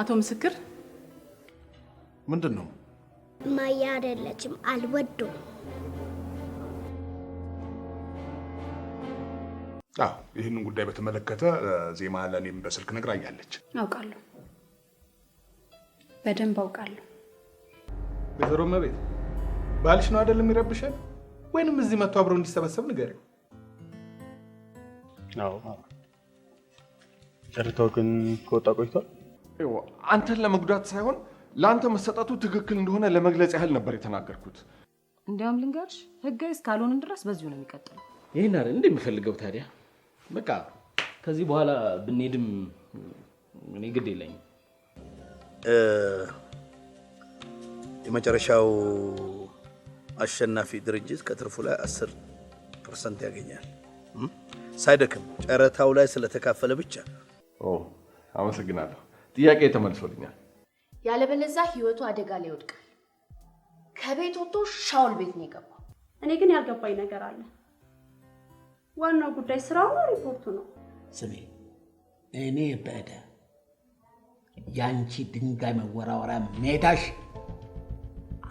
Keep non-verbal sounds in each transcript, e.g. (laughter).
አቶ ምስክር ምንድን ነው? ማያ አይደለችም፣ አልወደውም። ይህንን ጉዳይ በተመለከተ ዜማ ለእኔም በስልክ ነግራኛለች። አውቃለሁ፣ በደንብ አውቃለሁ። ወይዘሮ መቤት ባልሽ ነው አይደለም የሚረብሸን፣ ወይንም እዚህ መጥቶ አብረው እንዲሰበሰብ ንገሪው። ጨርታው ግን ከወጣ ቆይቷል። አንተን ለመጉዳት ሳይሆን ለአንተ መሰጠቱ ትክክል እንደሆነ ለመግለጽ ያህል ነበር የተናገርኩት። እንዲያውም ልንገርሽ ህጋዊ እስካልሆንን ድረስ በዚሁ ነው የሚቀጥለው። ይህን አይደል እንደ ታዲያ በቃ ከዚህ በኋላ ብንሄድም እኔ ግድ የለኝም። የመጨረሻው አሸናፊ ድርጅት ከትርፉ ላይ አስር ፐርሰንት ያገኛል ሳይደክም ጨረታው ላይ ስለተካፈለ ብቻ። አመሰግናለሁ። ጥያቄ ተመልሶልኛል። ያለበለዛ ህይወቱ አደጋ ላይ ይወድቃል። ከቤት ወጥቶ ሻውል ቤት ነው የገባው። እኔ ግን ያልገባኝ ነገር አለ። ዋናው ጉዳይ ስራው ነው፣ ሪፖርቱ ነው። ስሜ እኔ በደ ያንቺ ድንጋይ መወራወሪያ ሜዳሽ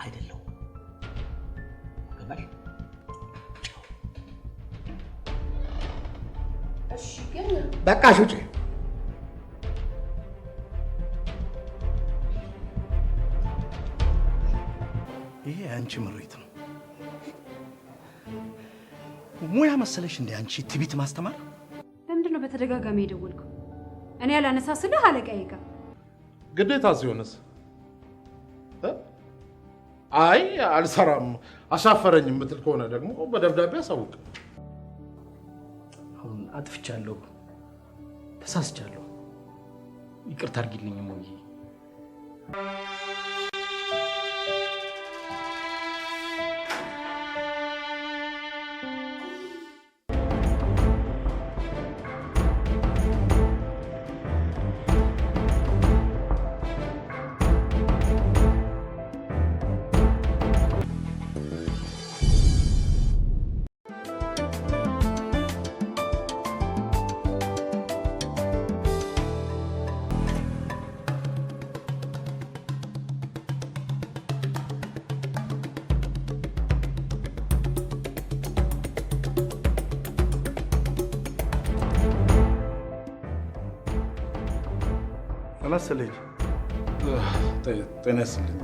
አይደለሁም። ገባሽ? በቃሽ ውጪ የአንቺ ምሬት ነው። ሙያ መሰለሽ እንደ አንቺ ትቢት ማስተማር። ለምንድን ነው በተደጋጋሚ የደወልከው? እኔ ያላነሳስልህ አለቃዬ ጋር ግዴታ ሲሆንስ? አይ አልሰራም አሻፈረኝ የምትል ከሆነ ደግሞ በደብዳቤ አሳውቅ። አሁን አጥፍቻለሁ፣ ተሳስቻለሁ፣ ይቅርታ አድርጊልኝ ሙዬ። ይስጥልኝ። ጤና ይስጥልኝ።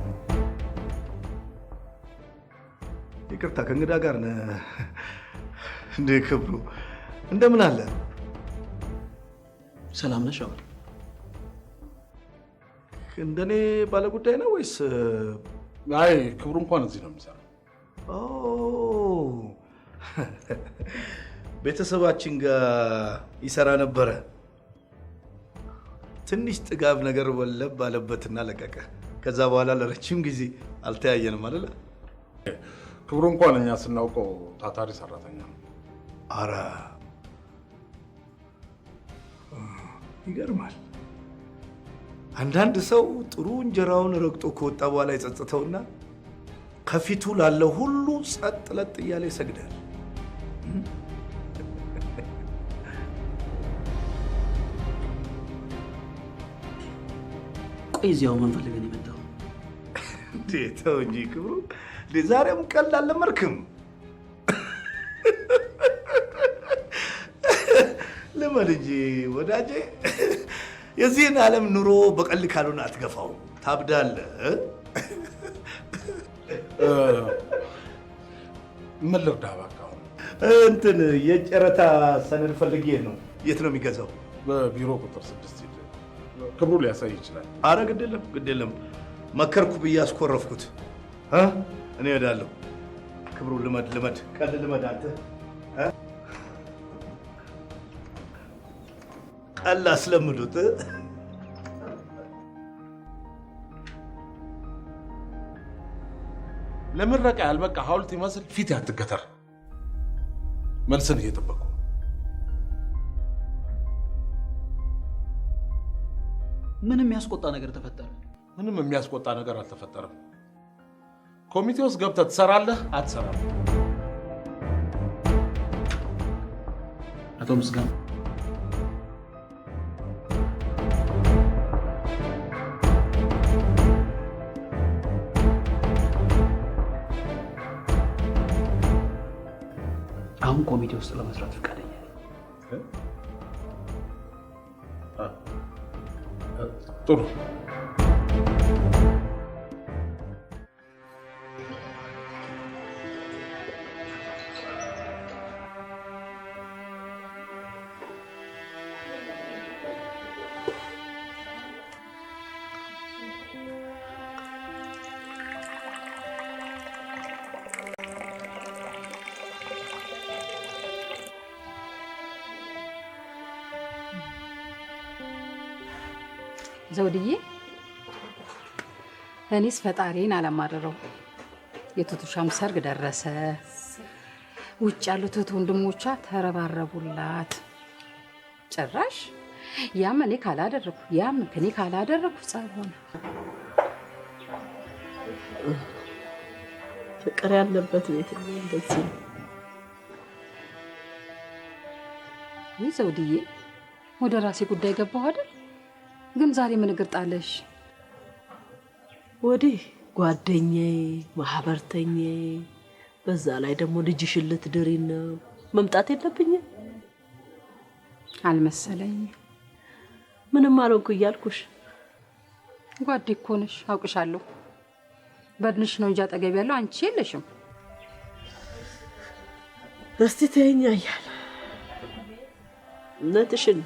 ይቅርታ ከእንግዳ ጋር ነህ እንዴ? ክብሩ እንደምን አለ? ሰላም ነሽ? አሁን እንደኔ ባለጉዳይ ነው ወይስ? አይ ክብሩ እንኳን እዚህ ነው የሚሰራው። ቤተሰባችን ጋር ይሰራ ነበረ። ትንሽ ጥጋብ ነገር ወለብ አለበትና ለቀቀ። ከዛ በኋላ ለረጅም ጊዜ አልተያየንም አለ። ክብሩ እንኳን እኛ ስናውቀው ታታሪ ሰራተኛ ነው። አረ ይገርማል። አንዳንድ ሰው ጥሩ እንጀራውን ረግጦ ከወጣ በኋላ የጸጽተውና ከፊቱ ላለው ሁሉ ጸጥ ለጥ እያለ ይሰግዳል። ቆይ እዚያው ምን ፈልገን ነው የመጣው? ተው እንጂ ክብሩ፣ ለዛሬም ቀልድ አልለመድክም። ልመድ እንጂ ወዳጄ፣ የዚህን ዓለም ኑሮ በቀልድ ካልሆነ አትገፋው፣ ታብዳለህ። ምን ልርዳ እባክህ? እንትን የጨረታ ሰነድ ፈልጌ ነው። የት ነው የሚገዛው? በቢሮ ቁጥር ክብሩ ሊያሳይ ይችላል። አረ ግድ የለም ግድ የለም መከርኩ ብዬ አስኮረፍኩት። እኔ እሄዳለሁ። ክብሩ ልመድ ልመድ ቀል ልመድ አንተ ቀል አስለምዱት። ለምረቃ ያልበቃ ሐውልት ይመስል ፊት ያትገተር መልስን እየጠበቁ ምንም የሚያስቆጣ ነገር ተፈጠረ? ምንም የሚያስቆጣ ነገር አልተፈጠረም። ኮሚቴ ውስጥ ገብተህ ትሰራለህ አትሰራም? አቶ ምስጋና አሁን ኮሚቴ ውስጥ ለመስራት ፈቃደ todo ዘውድዬ እኔስ ፈጣሪን አላማረረው። የቱቱሻም ሰርግ ደረሰ። ውጭ ያሉት እህት ወንድሞቿ ተረባረቡላት። ጭራሽ ያም እኔ ካላደረኩ ያም እኔ ካላደረኩ ጸብ ሆነ። ፍቅር ያለበት ቤት እንደዚህ ነው። ይህ ዘውድዬ ወደ ራሴ ጉዳይ ገባሁ አይደል ግን ዛሬ ምን እግር ጣለሽ? ወዲህ ጓደኛዬ፣ ማህበርተኛዬ፣ በዛ ላይ ደግሞ ልጅሽን ልትድሪ ነው። መምጣት የለብኝም አልመሰለኝ። ምንም አልሆንኩ እያልኩሽ ጓዴ እኮ ነሽ፣ አውቅሻለሁ። በድንሽ ነው እንጂ አጠገብ ያለው አንቺ የለሽም። እስቲ ተይኛ እያለ እውነትሽን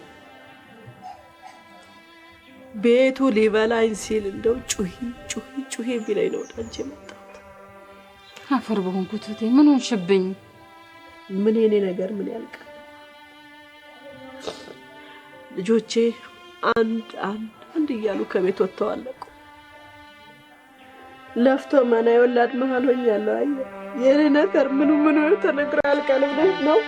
ቤቱ ሊበላኝ ሲል እንደው ጩሂ ጩሂ ጩሂ ቢለኝ ነው ወደ አንቺ የመጣሁት። አፈር በሆንኩት እህቴ ምን ሆንሽብኝ? ምን የኔ ነገር ምን ያልቃል? ልጆቼ አንድ አንድ አንድ እያሉ ከቤት ወጥተው አለቁ። ለፍቶ መና የወላድ መሀል ሆኛለሁ። አየ የኔ ነገር ምኑ ምኑ ተነግሮ ያልቃል ብለሽ ነው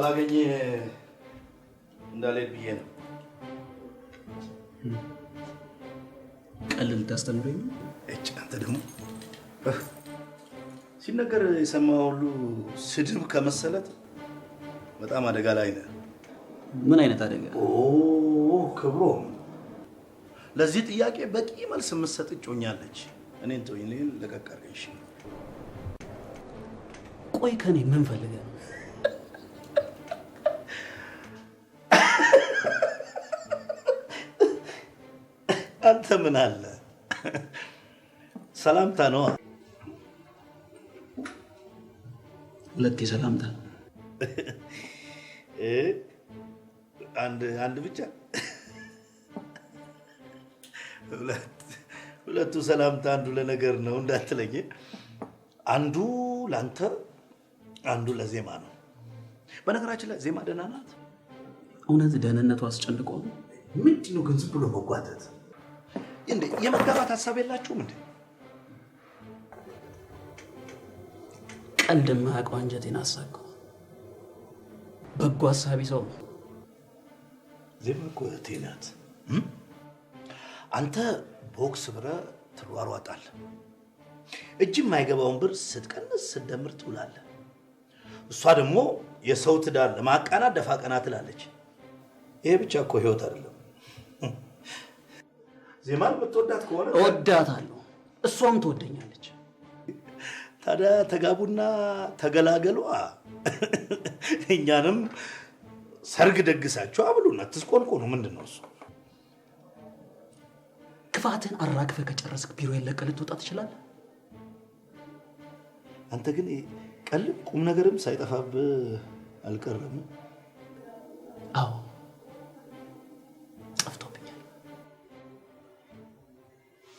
ሳላገኘ እንዳልሄድ ብዬ ነው። ቀልድ ታስተምረኝ እጭ አንተ ደግሞ ሲነገር የሰማ ሁሉ ስድብ ከመሰለት በጣም አደጋ ላይ ነህ። ምን አይነት አደጋ? ክብሮ ለዚህ ጥያቄ በቂ መልስ የምትሰጥ እጮኛለች። እኔን ተወኝ፣ እኔን ቆይ ከኔ ምን ፈልገህ አንተ ምን አለ ሰላምታ ነዋ። ሁለት ሰላምታ አንድ ብቻ ሁለቱ ሰላምታ አንዱ ለነገር ነው እንዳትለኝ። አንዱ ለአንተ፣ አንዱ ለዜማ ነው። በነገራችን ላይ ዜማ ደህና ናት። እውነት ደህንነቱ አስጨንቆ ምንድነው ግን ዝም ብሎ መጓተት እንዴ የመጋባት ሀሳብ የላችሁም እንዴ? ቀንድ የማያውቀው አንጀቴን አሳቀው። በጎ ሀሳቢ ሰው ዜማ እኮ እህቴ ናት። አንተ ቦክስ ብረ ትሯሯጣል። እጅ የማይገባውን ብር ስትቀንስ ስትደምር ትውላለ። እሷ ደግሞ የሰው ትዳር ለማቃናት ደፋ ቀና ትላለች። ይሄ ብቻ እኮ ህይወት አይደለም። ዜማን የምትወዳት ከሆነ እወዳታለሁ፣ እሷም ትወደኛለች። ታዲያ ተጋቡና ተገላገሏ። እኛንም ሰርግ ደግሳችሁ አብሉና ትስቆንቆኑ ምንድን ነው እሱ? ክፋትን አራግፈህ ከጨረስክ ቢሮ የለቀህ ልትወጣ ትችላለህ። አንተ ግን ቀልብ ቁም ነገርም ሳይጠፋብህ አልቀረም። አዎ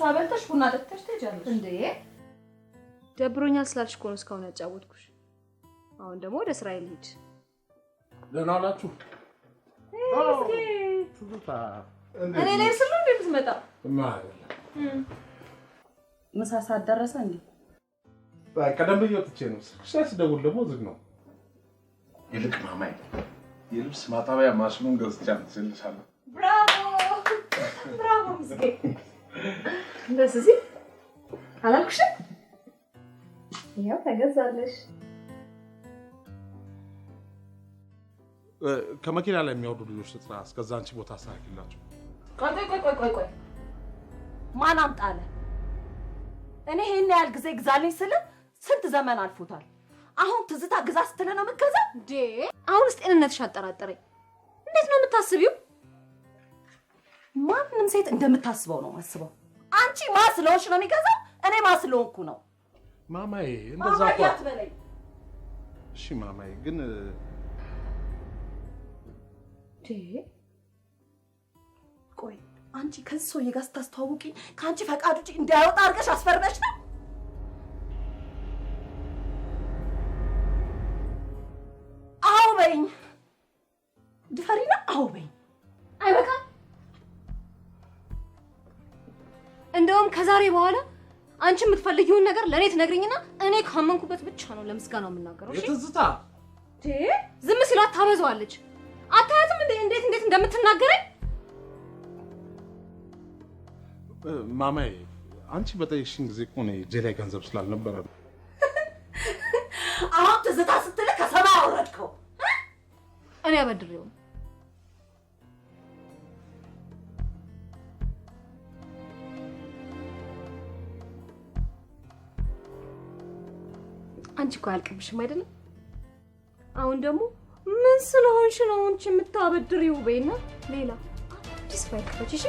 ምሳ በልተሽ ቡና ጠጥተሽ ትሄጃለሽ እንዴ? ደብሮኛል ስላልሽ እኮ ነው እስካሁን ያጫወትኩሽ። አሁን ደግሞ ወደ ስራ ልሂድ። ደህና ዋላችሁ። እኔ ላይ ስሉ እንዴ የምትመጣ ምሳ ሰዓት ደረሰ እንዴ? ቀደም ብዬ ወጥቼ ነው። ስልክሽ ደውል ደግሞ ዝግ ነው። ይልቅ ማማይ የልብስ ማጣቢያ ማሽኑን ገዝቻለሁ። ብራቮ ብራቮ ምስጌ እንደዚህ አላልኩሽም? ያው ተገዛለሽ። ከመኪና ላይ የሚያወርዱ ልጆች ስጥራ እስከዛ አንቺ ቦታ አስተካክላቸው። ቆይ ቆይ ቆይ ቆይ ቆይ ማን አምጣለ? እኔ ይሄን ያህል ጊዜ ግዛልኝ ስለ ስንት ዘመን አልፎታል። አሁን ትዝታ ግዛ ስትለ ነው የምትገዛ? አሁንስ ጤንነትሽ አጠራጠረኝ። እንዴት ነው የምታስቢው? ማንም ሴት እንደምታስበው ነው አስበው። አንቺ ማስለውሽ ነው የሚገዛው፣ እኔ ማስለውኩ ነው። ማማዬ እንደዛ አትበለኝ። እሺ ማማዬ ግን ቆይ አንቺ ከዚህ ሰውዬ ጋር ስታስተዋውቂ ከአንቺ ፈቃድ ውጪ እንዳያወጣ አድርገሽ አስፈርመሽ ነው። አዎ በይኝ ከዛሬ በኋላ አንቺ የምትፈልጊውን ነገር ለእኔ ትነግሪኝና እኔ ካመንኩበት ብቻ ነው ለምስጋና የምናገረው። እሺ ዝም ሲሉ አታበዘዋለች። አታያትም እንዴት እንዴት እንደምትናገረኝ ማማዬ። አንቺ በጠየቅሽኝ ጊዜ እኮ እኔ እጄ ገንዘብ ስላልነበረ ነው። አሁን ትዝታ ስትልህ ከሰማይ አወረድከው። እኔ አበድሬው አንቺ እኮ አያልቅብሽም አይደለም? አሁን ደግሞ ምን ስለሆንሽ ነው አንቺ የምታበድሪው? በይና ሌላ አዲስ ፈጭሽ።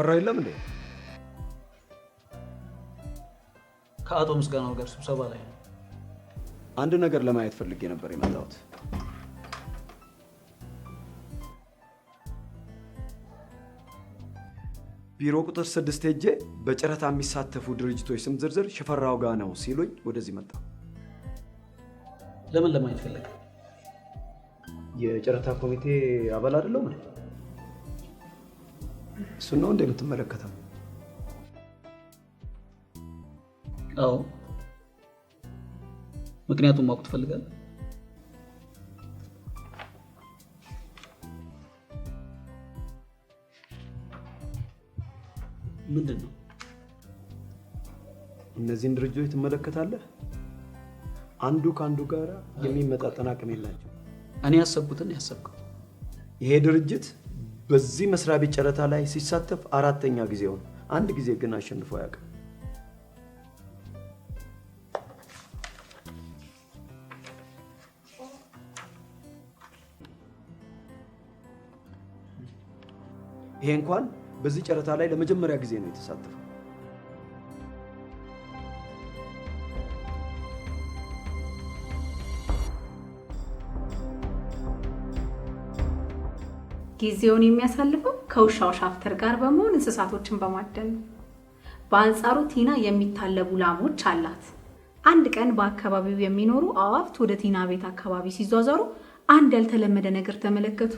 ያስፈራው የለም እንዴ? ከአቶ ምስጋናው ጋር ስብሰባ ላይ ነው። አንድ ነገር ለማየት ፈልጌ ነበር የመጣሁት። ቢሮ ቁጥር ስድስት ሄጄ በጨረታ የሚሳተፉ ድርጅቶች ስም ዝርዝር ሽፈራው ጋ ነው ሲሉኝ ወደዚህ መጣ። ለምን ለማየት ፈለገ? የጨረታ ኮሚቴ አባል አይደለሁም? እሱ ነው እንደ የምትመለከተው? አዎ። ምክንያቱም ማወቅ ትፈልጋለህ? ምንድን ነው? እነዚህን ድርጅቶች ትመለከታለህ? አንዱ ከአንዱ ጋር የሚመጣጠን አቅም የላቸው። እኔ ያሰብኩትን ያሰብከው ይሄ ድርጅት በዚህ መስሪያ ቤት ጨረታ ላይ ሲሳተፍ አራተኛ ጊዜ ሆን አንድ ጊዜ ግን አሸንፎ አያውቅም። ይሄ እንኳን በዚህ ጨረታ ላይ ለመጀመሪያ ጊዜ ነው የተሳተፈው። ጊዜውን የሚያሳልፈው ከውሻው ሻፍተር ጋር በመሆን እንስሳቶችን በማደን ነው። በአንጻሩ ቲና የሚታለቡ ላሞች አላት። አንድ ቀን በአካባቢው የሚኖሩ አዋፍት ወደ ቲና ቤት አካባቢ ሲዟዟሩ አንድ ያልተለመደ ነገር ተመለከቱ።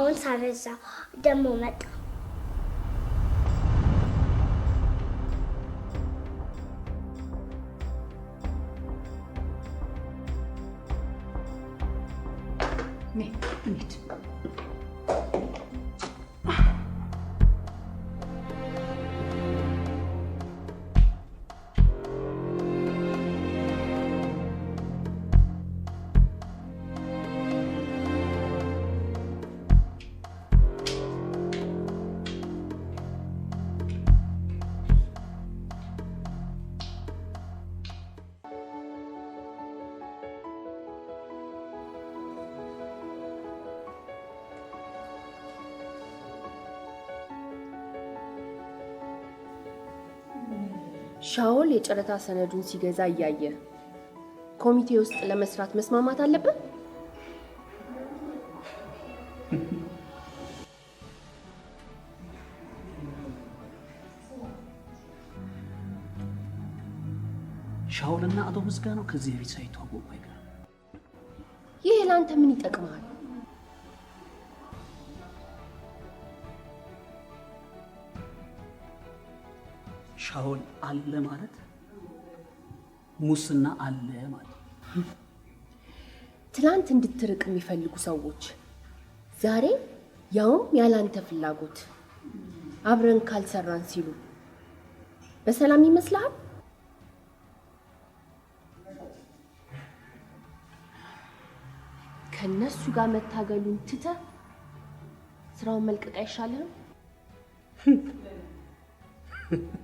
አሁን ሳበዛ ደግሞ መጣ ሻውል የጨረታ ሰነዱን ሲገዛ እያየ ኮሚቴ ውስጥ ለመስራት መስማማት አለብን። ሻውልና አቶ ምስጋናው ከዚህ በፊት ሳይተዋወቁ አይቀርም። ይሄ ለአንተ ምን ይጠቅማል? ሻሆን አለ ማለት ሙስና አለ ማለት። ትላንት እንድትርቅ የሚፈልጉ ሰዎች ዛሬ ያውም ያላንተ ፍላጎት አብረን ካልሰራን ሲሉ በሰላም ይመስልሃል? ከነሱ ጋር መታገሉን ትተ ስራውን መልቀቅ አይሻልህም? (laughs)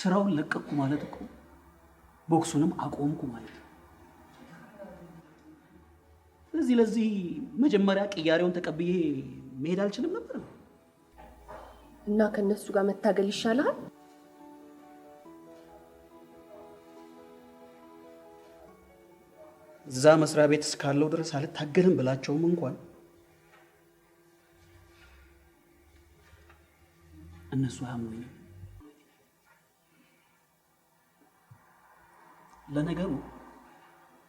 ስራውን ለቀቅኩ ማለት እኮ ቦክሱንም አቆምኩ ማለት ነው። ስለዚህ ለዚህ መጀመሪያ ቅያሬውን ተቀብዬ መሄድ አልችልም ነበር ነው እና ከእነሱ ጋር መታገል ይሻላል። እዛ መስሪያ ቤት እስካለው ድረስ አልታገልም ብላቸውም እንኳን እነሱ አያምኑኝም። ለነገሩ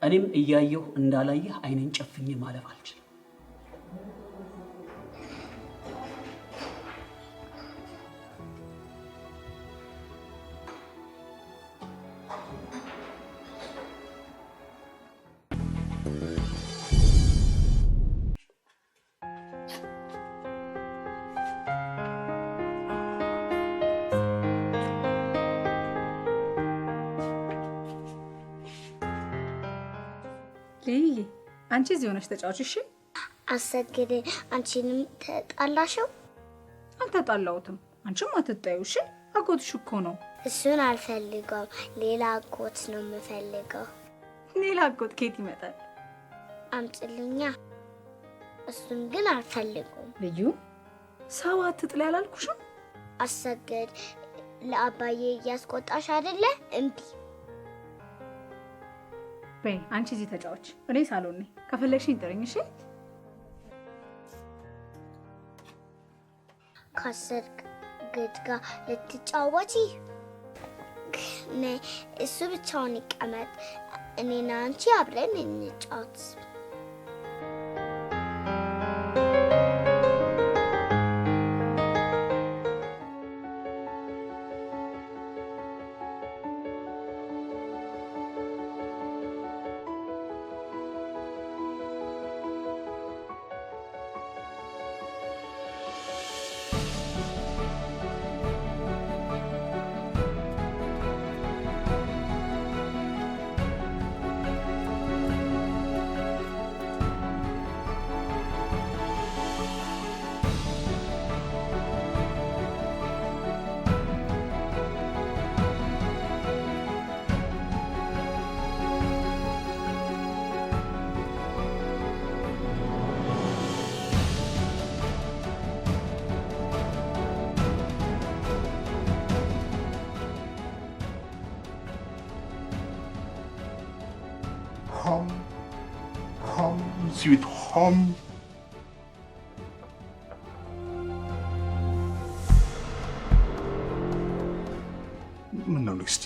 እኔም እያየሁ እንዳላየህ አይኔን ጨፍኝ ማለፍ አልችልም። አንቺ እዚህ ሆነሽ ተጫዋች። እሺ አሰግድ፣ አንቺንም ተጣላሽው? አልተጣላሁትም። አንቺም አትጣዩ። እሺ አጎትሽ እኮ ነው። እሱን አልፈልገውም። ሌላ አጎት ነው የምፈልገው። ሌላ አጎት ኬት ይመጣል? አምጭልኛ። እሱን ግን አልፈልገውም። ልዩ ሰው አትጥል ያላልኩሽም። አሰግድ፣ ለአባዬ እያስቆጣሽ አይደለ? እምቢ በይ አንቺ እዚህ ተጫዎች፣ እኔ ሳሎን ነኝ። ከፈለግሽኝ ጥሪኝ። እሺ ከሰርግ ግድጋ ልትጫወቺ እሱ ብቻውን ይቀመጥ፣ እኔና አንቺ አብረን እንጫወት። home. ምን ነው ንግስቲ፣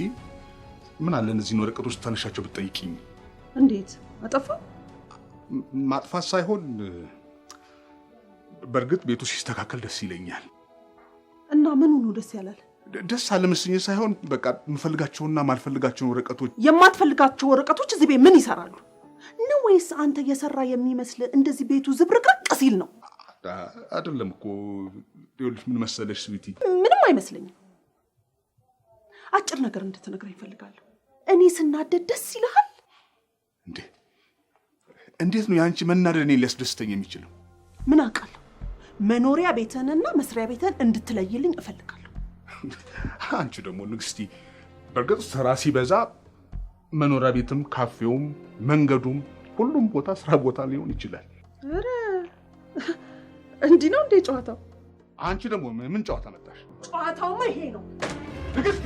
ምን አለ እነዚህን ወረቀቶች ተነሻቸው ብትጠይቂኝ? እንዴት አጠፋ? ማጥፋት ሳይሆን በእርግጥ ቤቱ ሲስተካከል ደስ ይለኛል። እና ምኑ ነው ደስ ያላል? ደስ አለመስኝ ሳይሆን በቃ የምፈልጋቸውና ማልፈልጋቸውን ወረቀቶች። የማትፈልጋቸው ወረቀቶች እዚህ ቤት ምን ይሰራሉ? ነው ወይስ አንተ የሰራ የሚመስል እንደዚህ ቤቱ ዝብርቅርቅ ሲል ነው? አይደለም እኮ ይኸውልሽ፣ ምን መሰለሽ ስዊቲ፣ ምንም አይመስለኝም። አጭር ነገር እንድትነግረኝ እፈልጋለሁ። እኔ ስናደድ ደስ ይልሃል እንዴ? እንዴት ነው የአንቺ መናደድ እኔ ሊያስደስተኝ የሚችለው? ምን አውቃለሁ። መኖሪያ ቤትህንና መስሪያ ቤትህን እንድትለይልኝ እፈልጋለሁ። አንቺ ደግሞ ንግስቲ፣ በእርግጥ ስራ ሲበዛ መኖሪያ ቤትም፣ ካፌውም፣ መንገዱም፣ ሁሉም ቦታ ስራ ቦታ ሊሆን ይችላል። ኧረ እንዲህ ነው እንዴ ጨዋታው? አንቺ ደግሞ ምን ጨዋታ መጣሽ? ጨዋታውማ ይሄ ነው። ንግስት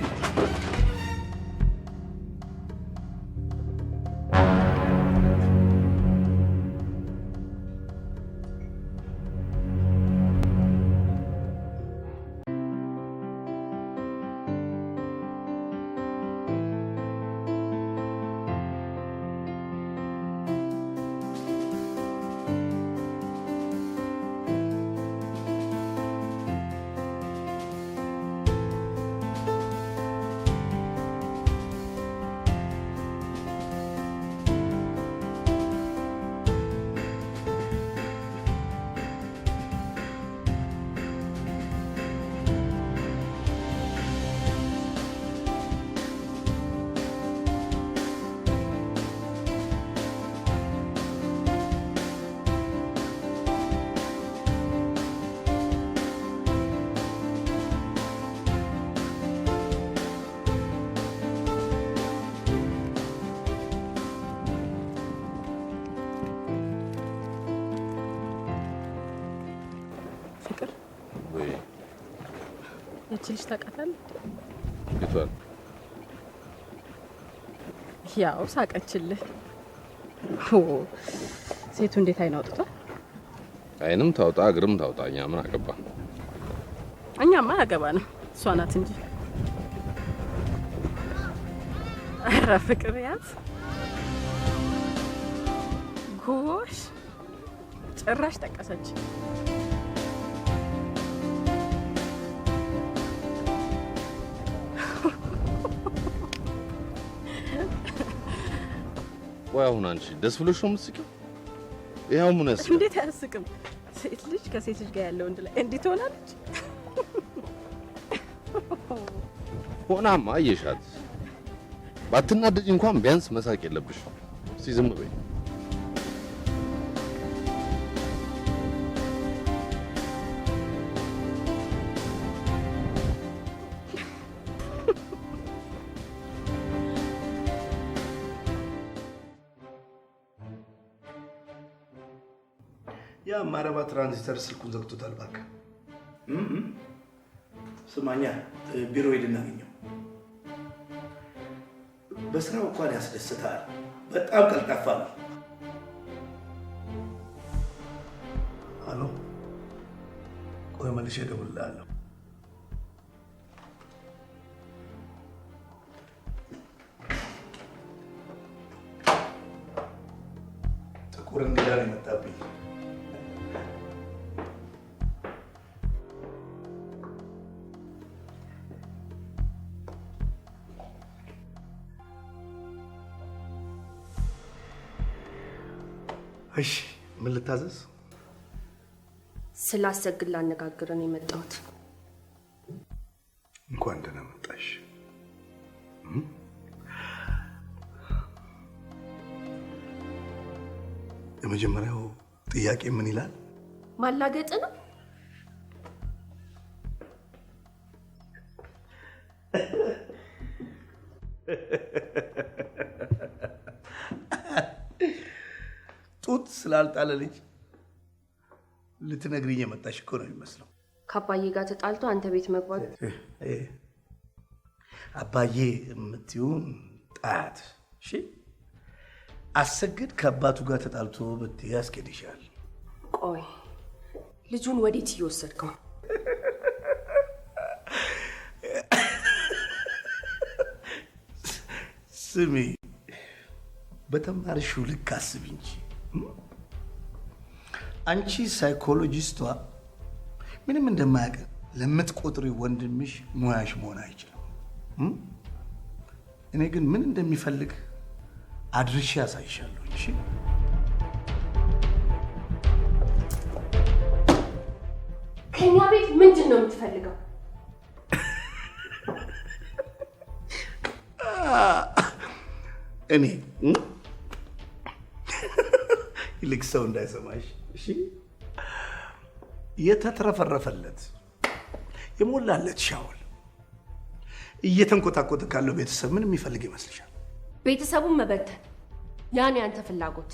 ይቺ ልጅ ታውቃታለህ? ያው ሳቀችልህ። ሴቱ እንዴት አይን አውጥቷ? አይንም ታውጣ እግርም ታውጣ፣ እኛ ምን አገባ? እኛማ አያገባንም፣ እሷ ናት እንጂ። ኧረ ፍቅር ያዝ ጎሽ! ጭራሽ ጠቀሰች። ቆይ አሁን አንቺ ደስ ብሎሽ ነው የምትስቂው? ይኸው ምን ያስቅ? እንዴት አያስቅም? ሴት ልጅ ከሴት ልጅ ጋር ያለው እንድላ እንዴት ሆናለች? ሆናማ አየሻት። ባትናደጅ እንኳን ቢያንስ መሳቅ የለብሽ። እስኪ ዝም በይ። ያ ማረባ ትራንዚተር ስልኩን ዘግቶታል። እባክህ ስማኛ፣ ቢሮ ሂድ እናገኘው። በስራው እንኳን ያስደስታል። በጣም ቀልጣፋ ነው። ሄሎ፣ ቆይ መልሼ እደውልልሃለሁ። ልታዘዝ? ስላሰግድ ነው የመጣሁት። እንኳን ደህና መጣሽ። የመጀመሪያው ጥያቄ ምን ይላል? ማላገጥ ነው። (laughs) ጡት ስላልጣለ ልጅ ልትነግሪኝ የመጣሽ እኮ ነው የሚመስለው። ከአባዬ ጋር ተጣልቶ አንተ ቤት መግባት አባዬ የምትይውን ጣያት እሺ። አሰግድ ከአባቱ ጋር ተጣልቶ ብትይ ያስኬድሻል። ቆይ ልጁን ወዴት እየወሰድከው? ስሚ፣ በተማርሽው ልክ አስብ እንጂ አንቺ ሳይኮሎጂስቷ ምንም እንደማያውቅ ለምትቆጥሪ ወንድምሽ ሙያሽ መሆን አይችልም። እኔ ግን ምን እንደሚፈልግ አድርሼ ያሳይሻለሁ። እሺ? ከኛ ቤት ምንድን ነው የምትፈልገው? እኔ ልክ ሰው እንዳይሰማሽ እሺ። የተትረፈረፈለት የሞላለት ሻውል እየተንኮታኮተ ካለው ቤተሰብ ምን የሚፈልግ ይመስልሻል? ቤተሰቡን መበተን ያን ያንተ ፍላጎት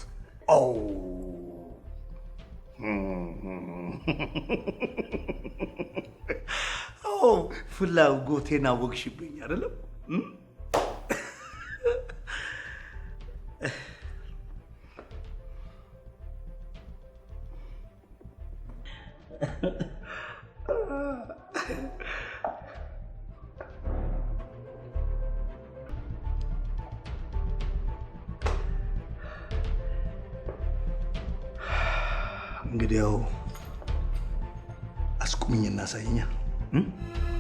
ፍላጎቴን አወቅሽብኝ አይደለም? Gedeo, asku minyak nasainya. Hmm?